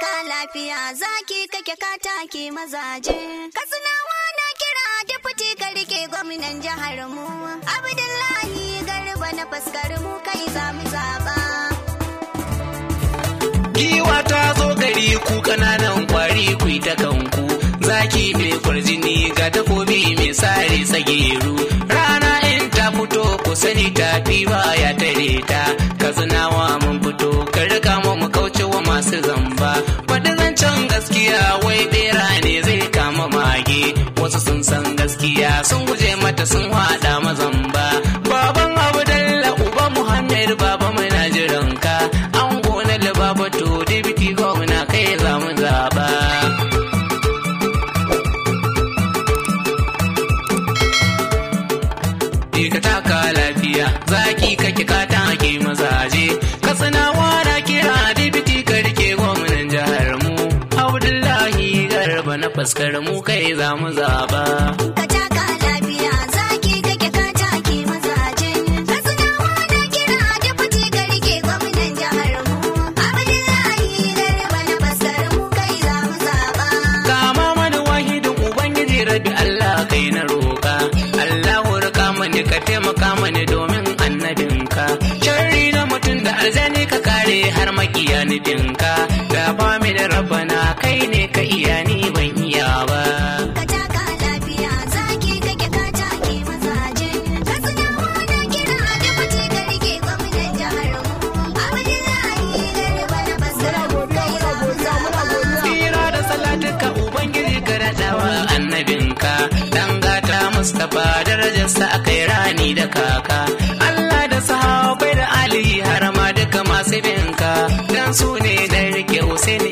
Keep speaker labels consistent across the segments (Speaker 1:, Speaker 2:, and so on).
Speaker 1: ka lafiya zaki kake kataki mazaje. Katsinawa na kira deputy ka rike gwamnan jihar mu. Abdullahi garba na fuskar mu kai za mu zaba.
Speaker 2: Giwa ta zo gari ku kananan kwari ku ta kanku. Zaki mai kwarjini ga takobi mai sare tsageru. sun san gaskiya sun guje mata sun haɗa mazamba baban abdalla uba muhammed baba muna jiran ka an gona libabato dibiti gwamna kai zamu zaba ka taka lafiya zaki kake ka fuskar mu kai za mu zaba ka taka lafiya zaki kake ka take mazaje ka suna wani kira deputy ka rike gwamnan jihar mu abdullahi garba na fuskar mu kai za mu zaba ka mamadu wahidin ubangiji rabi allah kai na roka allahu rika mani ka taimaka mani domin annabinka sharri na mutum da aljani ka kare har binka. nufinka ga raba rabana darajarsa aka yi rani da kaka Allah da sahaba da Ali har ma duka masu binka dan su ne dan rike Hussein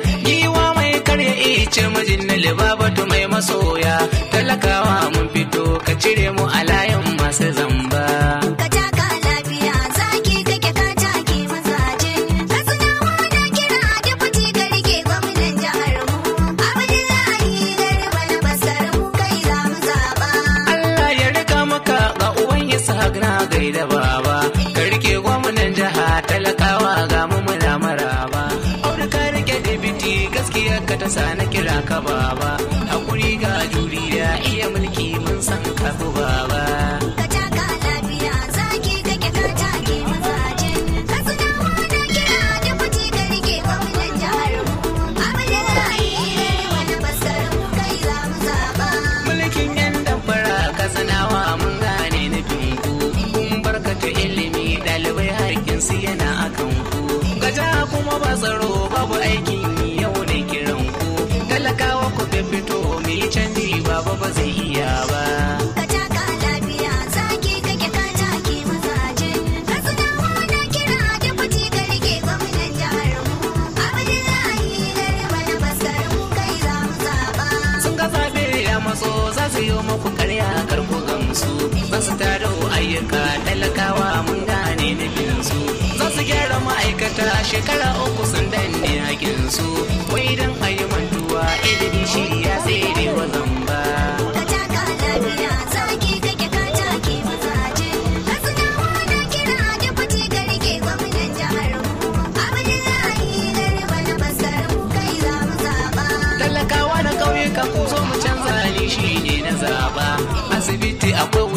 Speaker 2: ce mijin na libabatu mai masoya talakawa mun fito ka cire mu a layin masu zama ka baba hakuri ga juriya iya mulki mun san ka baba ka taka lafiya zaki kake ka take mazaje ka na kira da kuti ka rike gwamnan jihar mu abin da ne eh, wani basar mu kai za mu zaba mulkin yan damfara ka mun gane nufin ku kun barkata ilimi ɗalibai harkin su yana akan ku gaja kuma ba tsaro babu aiki. kuɗin fito mu yi canji baba ba zai iya ba. Ka taka lafiya zaki kake ka take mazaje. Ka suna na kira da kuti
Speaker 1: ka rike gwamnan jihar mu. Abdullahi garba na baskar mu kai za mu zaba. Sun ga
Speaker 2: zaɓe ya matso za su yi muku karya kar ku gamsu. Za su taro ayyuka talakawa mun gane nufinsu. Za su gyara ma'aikata shekara uku sun danne hakinsu.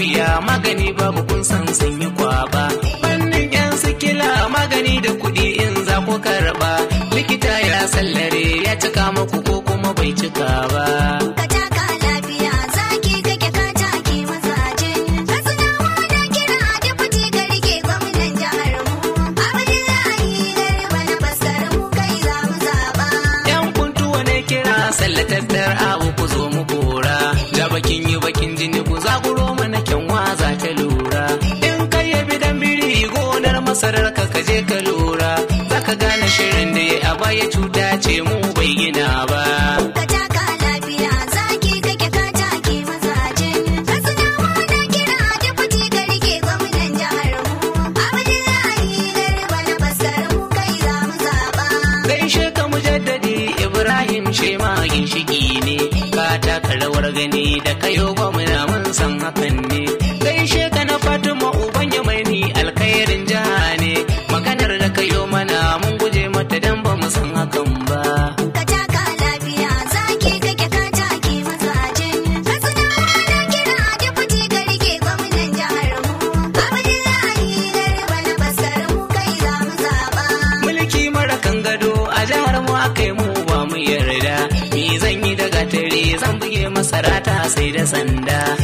Speaker 2: wuya magani babu kun san sun yi kwaba bannin yan sikila magani da kuɗi in za ku karɓa likita ya sallare ya cika maku ko kuma bai cika ba baya cuta ce mu and uh,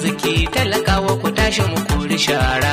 Speaker 2: arziki talakawa ku tashi mu kori shara.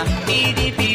Speaker 2: Giri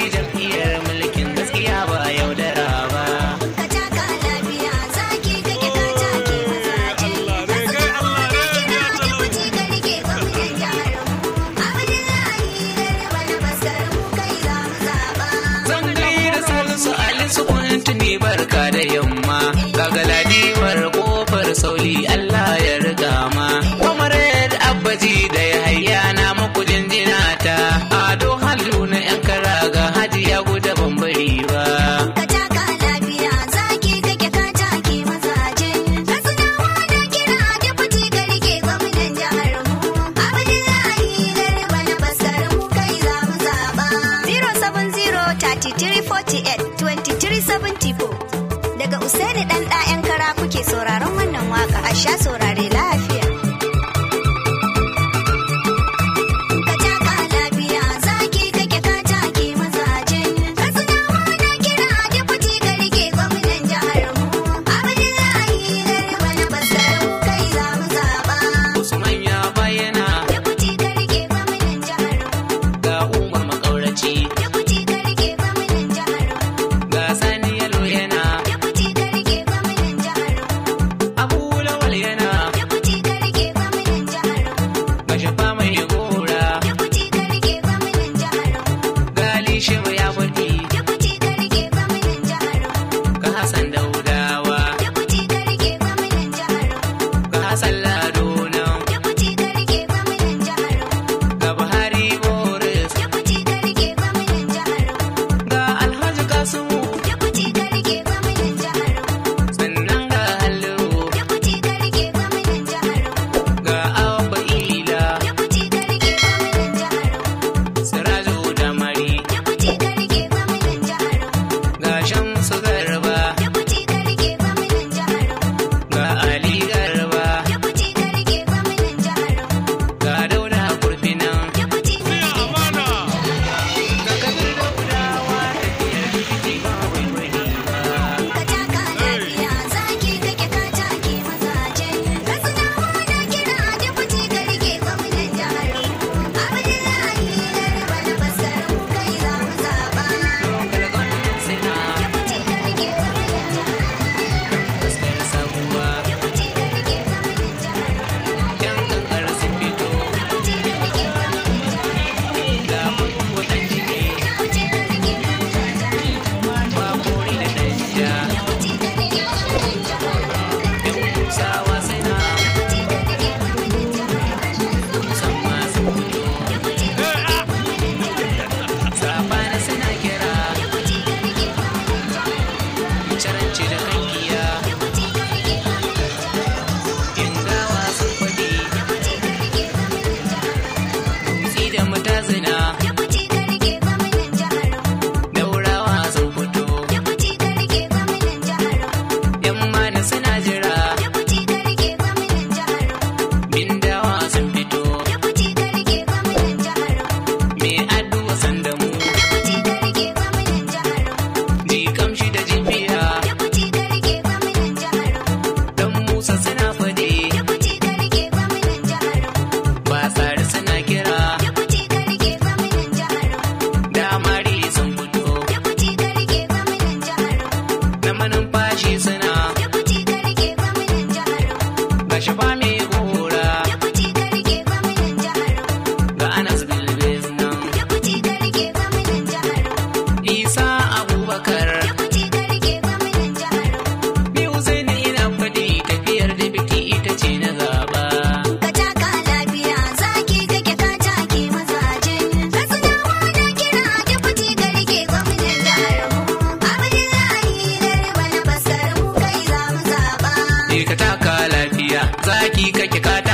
Speaker 2: zaki kake ka